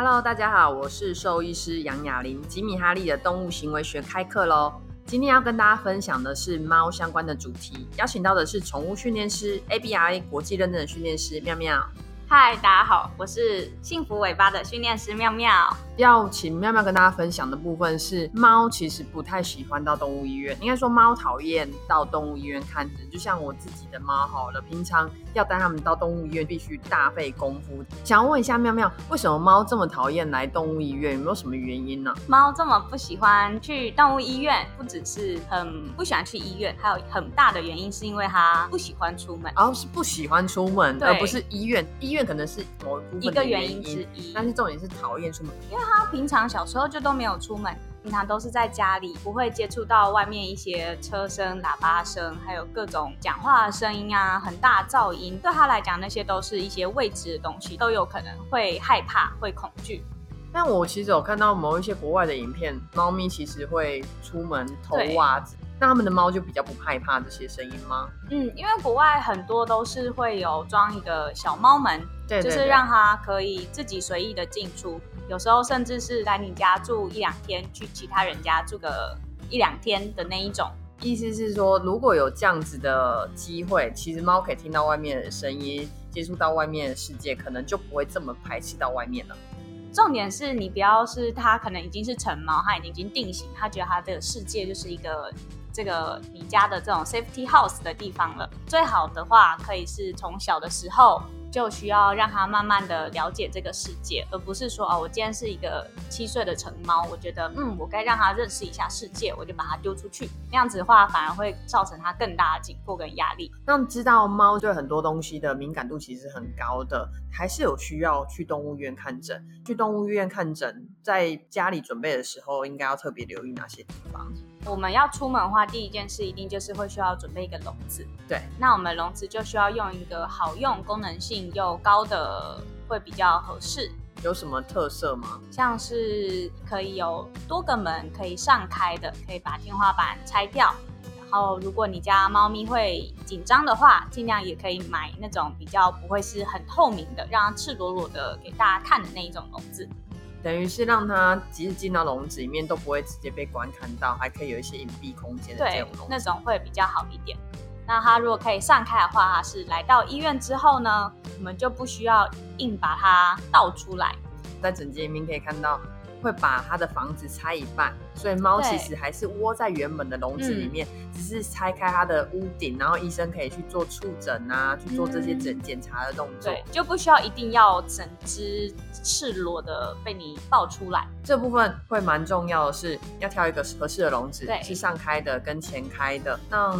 Hello，大家好，我是獸醫師楊雅鈴。吉米哈利的動物行為學開課嘍，今天要跟大家分享的是貓相關的主題，邀請到的是寵物訓練師 ABRA 國際認證的訓練師妙妙。嗨，Hi, 大家好，我是幸福尾巴的訓練師妙妙。要請妙妙跟大家分享的部分是，貓其實不太喜歡到動物醫院，應該說貓討厭到動物醫院看診。就像我自己的貓好了，平常要帶他們到動物醫院，必須大費功夫。想要問一下妙妙，為什麼貓這麼討厭來動物醫院？有沒有什麼原因呢、啊？貓這麼不喜歡去動物醫院，不只是很不喜歡去醫院，還有很大的原因是因為它不喜歡出門。哦，是不喜歡出門，對而不是醫院，醫院。這可能是一個原因之一，但是重點是討厭出門，因為他平常小時候就都沒有出門，平常都是在家裡，不會接觸到外面一些車聲、喇叭聲，還有各種講話的聲音啊，很大噪音，對他來講那些都是一些未知的東西，都有可能會害怕、會恐懼。但我其實有看到某一些國外的影片，貓咪其實會出門偷襪子。那他對們的貓就比較不害怕這些聲音嗎？嗯，因為國外很多都是會有裝一個小貓門，對，對，對，就是讓它可以自己隨意的進出。有時候甚至是來你家住一兩天，去其他人家住個一兩天的那一種。意思是說，如果有這樣子的機會，其實貓可以聽到外面的聲音，接觸到外面的世界，可能就不會這麼排斥到外面了。重點是你不要是它可能已經是成貓，它已經已經定型，它覺得它的世界就是一個這個你家的這種 safety house 的地方了。最好的話可以是從小的時候。就需要讓他慢慢的了解這個世界，而不是說哦，我今天是一個七歲的成貓，我覺得嗯，我該讓他認識一下世界，我就把它丟出去。那樣子的話，反而會造成他更大的緊迫跟壓力。那你知道貓對很多東西的敏感度其實很高的，還是有需要去動物醫院看診。去動物醫院看診。在家裡準備的時候，應該要特別留意哪些地方？我們要出門的話，第一件事一定就是會需要準備一個籠子。對，那我們籠子就需要用一個好用、功能性又高的，會比較合適。有什麼特色嗎？像是可以有多個門，可以上開的，可以把天花板拆掉。然後，如果你家貓咪會緊張的話，盡量也可以買那種比較不會是很透明的，讓它赤裸裸的給大家看的那一種籠子。等於是讓它即使進到籠子裡面都不會直接被觀看到，還可以有一些隱蔽空間的這種籠，那種會比較好一點。那它如果可以散開的話，它是來到醫院之後呢，我們就不需要硬把它倒出來，在診間裡面可以看到。會把它的房子拆一半，所以貓其實還是窩在原本的籠子裡面，嗯、只是拆開它的屋頂，然後醫生可以去做觸診啊，去做這些診、嗯、檢查的動作，就不需要一定要整隻赤裸的被你抱出來。這部分會蠻重要的是，是要挑一個合適的籠子，對是上開的跟前開的，那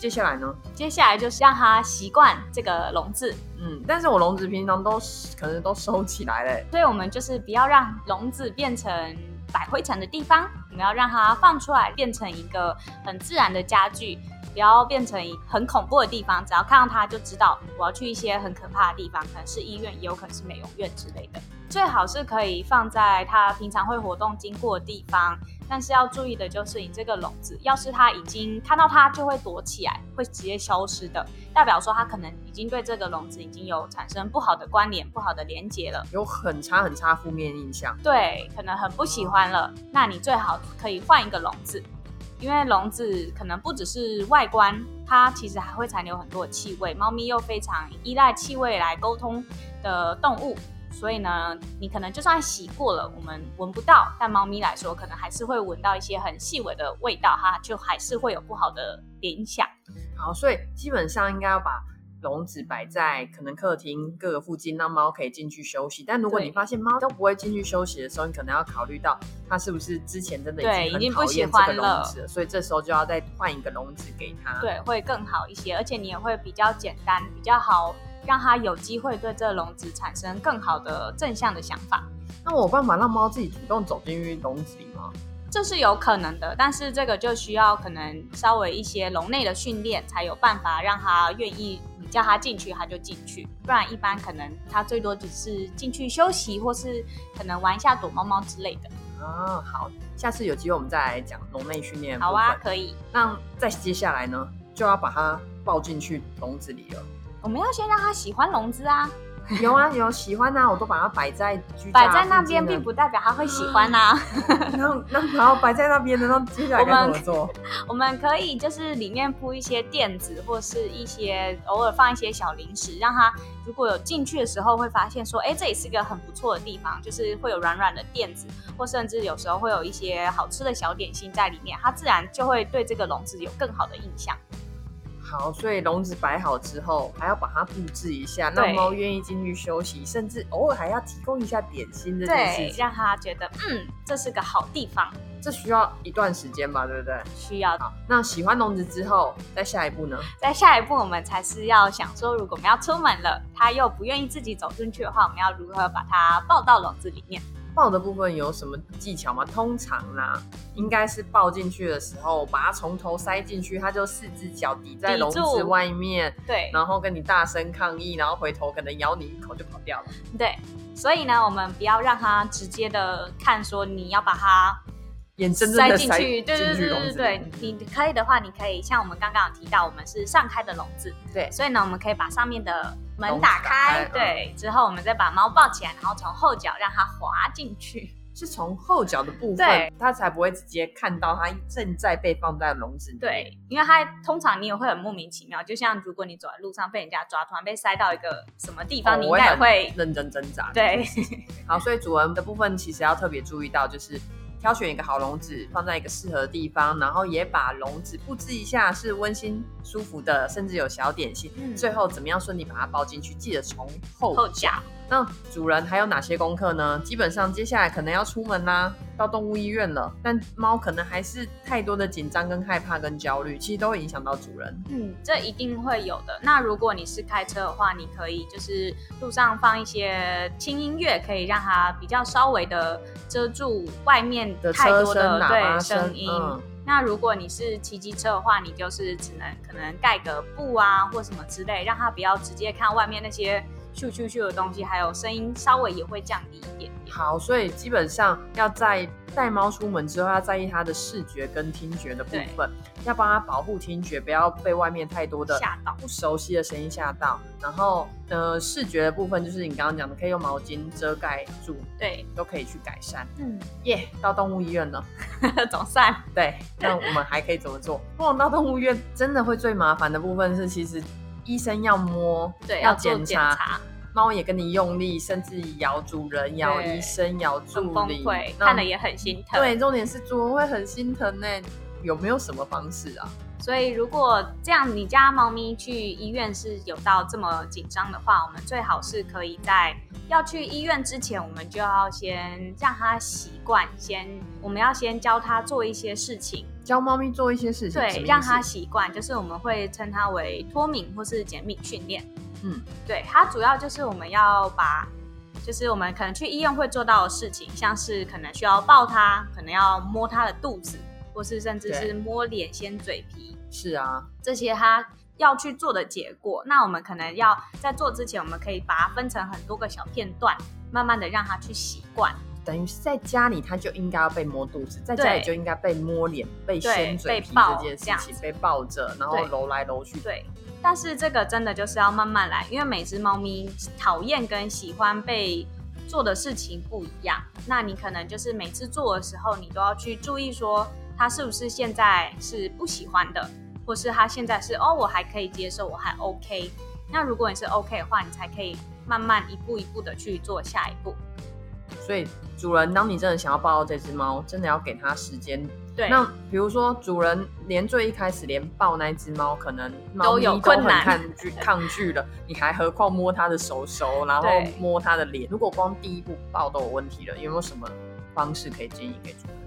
接下來呢？接下來就是讓它習慣這個籠子，嗯，但是我籠子平常都可能都收起來了，所以我們就是不要讓籠子變成擺灰塵的地方，我們要讓它放出來，變成一個很自然的家具，不要變成一個很恐怖的地方。只要看到它，就知道我要去一些很可怕的地方，可能是醫院，也有可能是美容院之類的。最好是可以放在它平常會活動經過的地方，但是要注意的就是，你這個籠子，要是它已經看到它就會躲起來，會直接消失的，代表說它可能已經對這個籠子已經有產生不好的關聯、不好的連接了，有很差很差負面印象。對，可能很不喜歡了。嗯、那你最好可以換一個籠子，因為籠子可能不只是外觀，它其實還會殘留很多的氣味。貓咪又非常依賴氣味來溝通的動物。所以呢，你可能就算洗過了，我們聞不到，但貓咪來說，可能還是會聞到一些很細微的味道哈，它就還是會有不好的影響。好，所以基本上應該要把籠子擺在可能客廳各個附近，讓貓可以進去休息。但如果你發現貓都不會進去休息的時候，對你可能要考慮到它是不是之前真的已經很討厭這個籠子了，了所以這時候就要再換一個籠子給它，對，會更好一些，而且你也會比較簡單，比較好。讓他有機會對這籠子產生更好的正向的想法，那我有辦法讓貓自己主動走進去籠子裡嗎？這是有可能的，但是這個就需要可能稍微一些籠內的訓練，才有辦法讓它願意，你叫它進去，它就進去。不然一般可能它最多只是進去休息，或是可能玩一下躲貓貓之類的。啊，好，下次有機會我們再來講籠內訓練。好啊，可以。那再接下來呢，就要把它抱進去籠子裡了。我們要先讓他喜歡籠子啊！有啊，有喜歡啊，我都把它擺在，擺在那邊，並不代表他會喜歡啊。然後然後擺在那邊，那然後接下來該怎麼做？我們可以，我們可以就是裡面鋪一些墊子，或是一些偶爾放一些小零食，讓他如果有進去的時候，會發現說，哎、欸，這也是一個很不錯的地方，就是會有軟軟的墊子，或甚至有時候會有一些好吃的小點心在裡面，他自然就會對這個籠子有更好的印象。好，所以籠子擺好之後，還要把它布置一下，讓貓願意進去休息，甚至偶爾還要提供一下點心的東西，讓它覺得嗯，這是個好地方。這需要一段時間吧，對不對？需要。好，那喜歡籠子之後，在下一步呢？在下一步，我們才是要想說，如果我們要出門了，它又不願意自己走進去的話，我們要如何把它抱到籠子裡面？抱的部分有什麼技巧嗎？通常呢，應該是抱進去的時候，把它從頭塞進去，它就四只腳抵在籠子外面，對，然後跟你大聲抗議，然後回頭可能咬你一口就跑掉了。對，所以呢，我們不要讓它直接的看說你要把它塞進去，去對對對對對對。你可以的話，你可以像我們剛剛有提到，我們是上開的籠子，對，所以呢，我們可以把上面的。門打開，打開對，之後我們再把貓抱起來，然後從後腳讓它滑進去，是從後腳的部分，它對才不會直接看到它正在被放在籠子裡，對，因為它通常你也會很莫名其妙，就像如果你走在路上被人家抓，突然被塞到一個什麼地方，哦、你應該也會，會認真掙扎。對， 好，所以主人的部分其實要特別注意到，就是。挑選一個好籠子，放在一個適合的地方，然後也把籠子布置一下，是溫馨舒服的，甚至有小點心。嗯、最後怎麼樣順利把它包進去？記得從後、後腳。那主人還有哪些功課呢？基本上接下來可能要出門啦、啊，到動物醫院了，但貓可能還是太多的緊張、跟害怕、跟焦慮，其實都會影響到主人。嗯，這一定會有的。那如果你是開車的話，你可以就是路上放一些輕音樂，可以讓它比較稍微的。遮住外面太多的，的對聲，聲音。嗯，那如果你是騎機車的話，你就是只能可能蓋個布啊或什麼之類，讓它不要直接看外面那些咻咻咻的東西，還有聲音稍微也會降低一點。好，所以基本上要在帶貓出門之後，要在意它的視覺跟聽覺的部分，對要幫它保護聽覺，不要被外面太多的嚇到，不熟悉的聲音嚇到。嚇到然後，呃，視覺的部分就是你剛剛講的，可以用毛巾遮蓋住，對，都可以去改善。嗯，耶 Yeah，到動物醫院了， 總算。對，那對我們還可以怎麼做？不過到動物醫院真的會最麻煩的部分是，其實醫生要摸，對，要檢查。貓也跟你用力，甚至咬主人、咬醫生、對咬助理，崩潰。那看了也很心疼。對，重點是主人會很心疼呢？有沒有什麼方式啊？所以如果這樣，你家貓咪去醫院是有到這麼緊張的話，我們最好是可以在要去醫院之前，我們就要先讓它習慣先，先我們要先教它做一些事情，教貓咪做一些事情，對，讓它習慣，就是我們會稱它為脫敏或是減敏訓練。嗯，對，它主要就是我們要把，就是我們可能去醫院會做到的事情，像是可能需要抱它，可能要摸它的肚子，或是甚至是摸臉、掀嘴皮。是啊，這些它要去做的結果，那我們可能要在做之前，我們可以把它分成很多個小片段，慢慢的讓它去習慣。等於是在家裡，它就應該要被摸肚子，對在家裡就應該被摸臉、被掀嘴皮這件事情，被抱，這樣子，被抱着，然後揉來揉去。對。但是這個真的就是要慢慢來，因為每隻貓咪討厭跟喜歡被做的事情不一樣。那你可能就是每次做的時候，你都要去注意說，它是不是現在是不喜歡的，或是它現在是哦，我還可以接受，我還 OK。那如果你是 OK 的話，你才可以慢慢一步一步的去做下一步。所以主人，當你真的想要抱到這只貓，真的要給它時間。對，那比如說主人連最一開始連抱那隻貓，可能貓咪都，很抗拒都有困難去抗拒了，對你還何況摸它的手手，然後摸它的臉？對如果光第一步抱都有問題了，有沒有什麼方式可以建議給主人？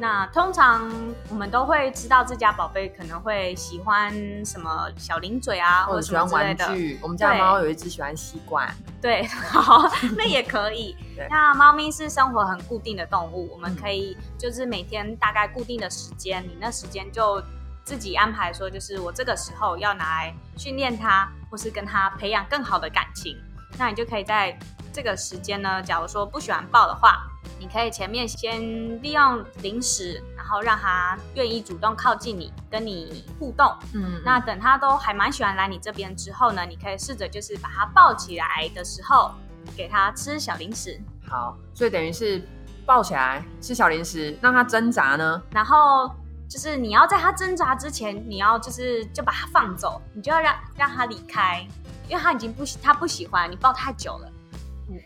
那通常我們都會知道自家寶貝可能會喜歡什麼小零嘴啊，或者、哦、喜歡玩具對我們家貓有一只喜歡西瓜，對，好， 那也可以。對那貓咪是生活很固定的動物，我們可以就是每天大概固定的時間，嗯、你那時間就自己安排，說就是我這個時候要拿來訓練它，或是跟它培養更好的感情，那你就可以在。這個時間呢，假如說不喜歡抱的話，你可以前面先利用零食，然後讓他願意主動靠近你，跟你互動。嗯、嗯，那等他都還蠻喜歡來你這邊之後呢，你可以試着就是把他抱起來的時候，給他吃小零食。好，所以等於是抱起來吃小零食，讓他掙扎呢。然後就是你要在他掙扎之前，你要就是就把他放走，你就要讓讓他離開，因為他已經不喜，他不喜歡，你抱太久了。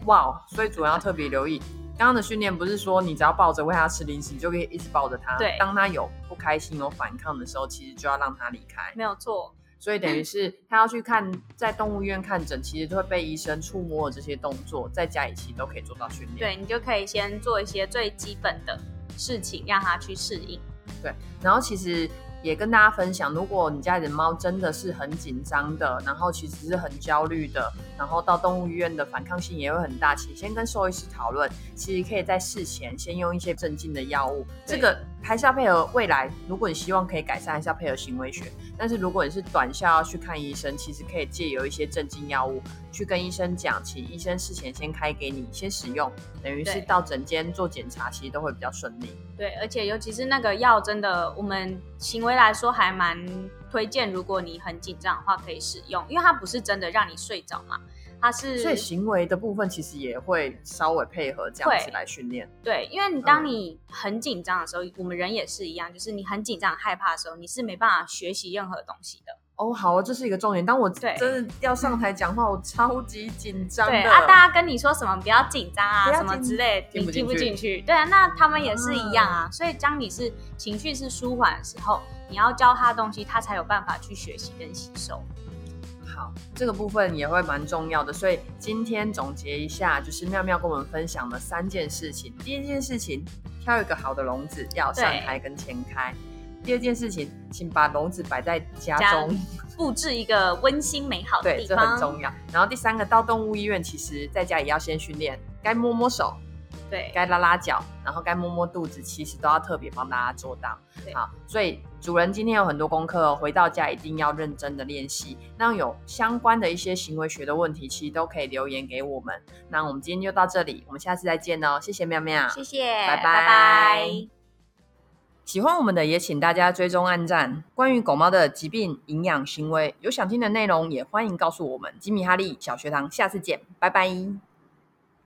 哇哦！Wow, 所以主要特別留意， 剛剛的訓練不是說你只要抱着餵他吃零食你就可以一直抱着他。對，當他有不開心、有反抗的時候，其實就要讓他離開。沒有錯。所以等於是他要去看、嗯、在動物醫院看診，其實都會被醫生觸摸的這些動作，在家裡其實都可以做到訓練。對，你就可以先做一些最基本的事情，讓他去適應。對，然後其實。也跟大家分享，如果你家裡的貓真的是很緊張的，然後其實是很焦慮的，然後到動物醫院的反抗性也會很大。請先跟獸醫師討論，其實可以在事前先用一些鎮靜的藥物，這個。還是要配合未來，如果你希望可以改善，還是要配合行為學。但是如果你是短效要去看醫生，其實可以借由一些鎮靜藥物去跟醫生講，請醫生事前先開給你先使用，等於是到診間做檢查，其實都會比較順利。對。對，而且尤其是那個藥，真的我們行為來說還蠻推薦，如果你很緊張的話可以使用，因為它不是真的讓你睡着嘛。他是，所以行為的部分其實也會稍微配合這樣子來訓練。對，因為你當你很緊張的時候，嗯、我們人也是一樣，就是你很緊張、害怕的時候，你是沒辦法學習任何東西的。哦，好啊，這是一個重點。當我真的要上台講話，對我超級緊張的對啊，大家跟你說什麼，不要緊張啊，什麼之類，聽不進你聽不進去。對啊，那他們也是一樣啊。嗯、所以當你是情緒是舒緩的時候，你要教他的東西，他才有辦法去學習跟吸收。這個部分也會蠻重要的，所以今天總結一下，就是妙妙跟我們分享的三件事情。第一件事情，挑一個好的籠子，要上開跟前開。對第二件事情，請把籠子擺在家中，家布置一個溫馨美好的地方，對，這很重要。然後第三個，到動物醫院，其實在家也要先訓練，該摸摸手，對，該拉拉腳，然後該摸摸肚子，其實都要特別幫大家做到。對好，所以。主人今天有很多功課，回到家一定要認真的練習。那有相關的一些行為學的問題，其實都可以留言給我們。那我們今天就到這裡，我們下次再見哦，謝謝妙妙，謝謝，拜拜。拜拜。喜歡我們的也請大家追蹤按讚。關於狗貓的疾病、營養、行為，有想聽的內容也歡迎告訴我們。吉米哈利小學堂，下次見，拜拜。